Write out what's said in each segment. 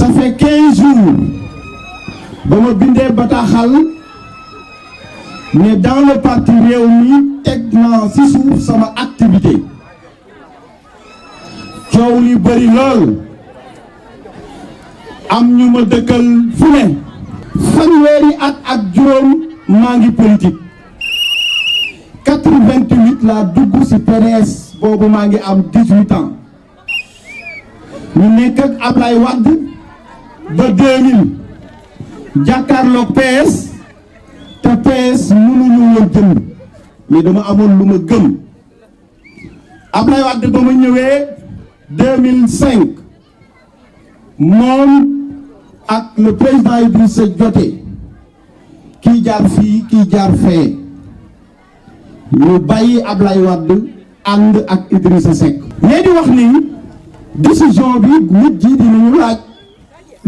ça fait 15 jours ba ma bindee bataaxal mais dans le parti Rewmi teg naa si suuf sama activité coow li bëri am ñu ma dëkkal fu ne fanweeri at ak juroom maa ngi politique 88 la dugg si PDS boobu maa ngi am 18 ans ñu nekk ak ablay wadd ba 2000 jàkkaarloog PS te PS mënuñu woon jënd mais dama amoon lu ma gëm Ablaye Wade ba ma ñëwee 2005 moom ak le président Idrissa jote kii jaar fii kii jaar fee ñu bàyyi Ablaye Wade ànd ak Idrissa Seck. mais di wax ni décision bi nit ji dinañu laaj.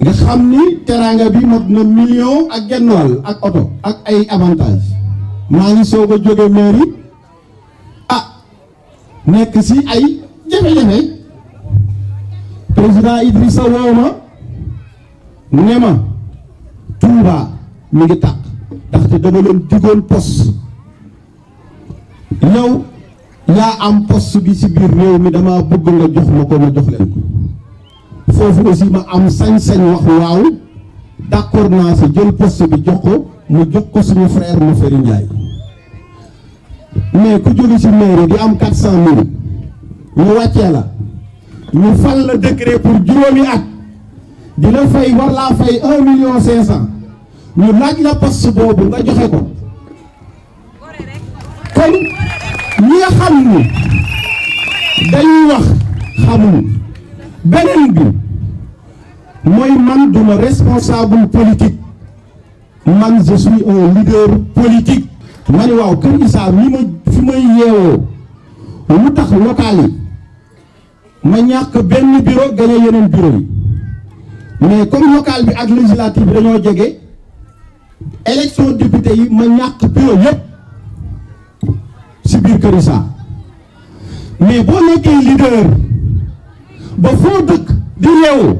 nga xamni teranga bi mod na million ak gennol ak auto ak ay avantage ma ngi soog joge mairie ah nek ci ay jafé jafé président Idrissa woo ma Touba mi ngi tàq te dama leen digoon poste yow la am poste bi ci bir rew mi dama bëgg nga jox mako ma jox len ko foofu aussi ma am sañ ku jóge si mairie di am 400000 ñu wàccee la ñu fal la décret pour juróomi at di la fay war laa million 500 ñu laaj la poste boobu nga joxe ko kon ñi xam ni dañuy wax xamuñu beneen bi. mooy man duma responsable politique man je suis un leader politique ma ne waaw Kër Issa mi ma fi may yeewoo lu tax local yi ma ñàkk bureau gagné yeneen bureau mais comme local bi ak législative bi dañoo jege élection député yi ma ñàkk bureau yépp si biir Kër Issa mais boo nekkee leader ba foo dëkk di yeewoo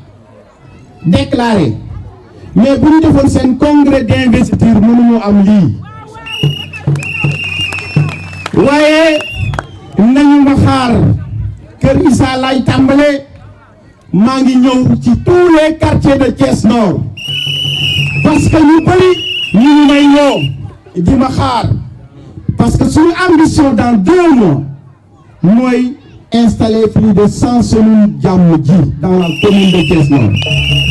déclaré mais vous devez faire un congrès d'investiture nous am voyez nous tous les quartiers de Thiès Nord parce que nous bëri nous parce que sur ambition dans deux mois nous installer plus de 100 cellules dans la commune de Thiès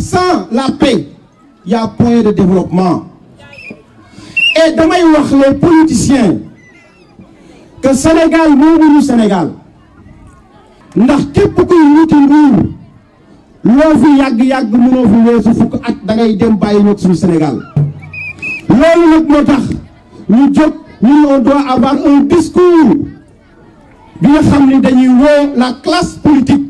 sans la paix il y a point de développement et damay les politiciens que Sénégal Sénégal nous, nous, kuy nous, Sénégal Nous Nous nous, Nous nous, nous on doit avoir un discours de famille la classe politique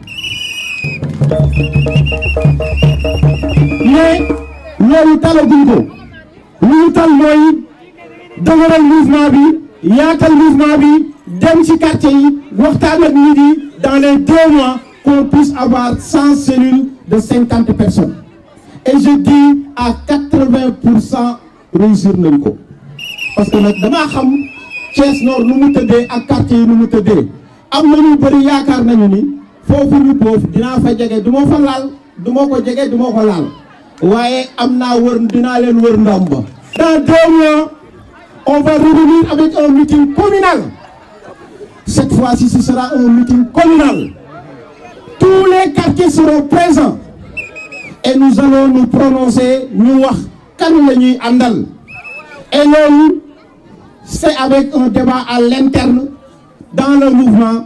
Mais le d'Ingo, L'outal moi, dans le mouvement y y'a le mouvement vie, dans le quartier, midi, dans les deux mois, qu'on puisse avoir 100 cellules de 50 personnes. Et je dis à 80% réussir le Parce que maintenant, Chess Nord nous nous aider, à quartier nous nous aider. Amenez-nous pour y'a dans deux mois on va revenir avec un meeting communal cette fois-ci ce sera un meeting communal tous les quartiers seront présents et nous allons nous prononcer ñu wax kan et nous c'est avec un débat à l'interne dans le mouvement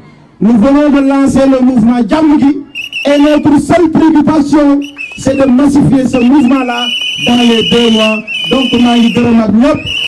Nous venons de lancer le mouvement Yamudi et notre seule préoccupation, c'est de massifier ce mouvement-là dans les deux mois. Donc, nous avons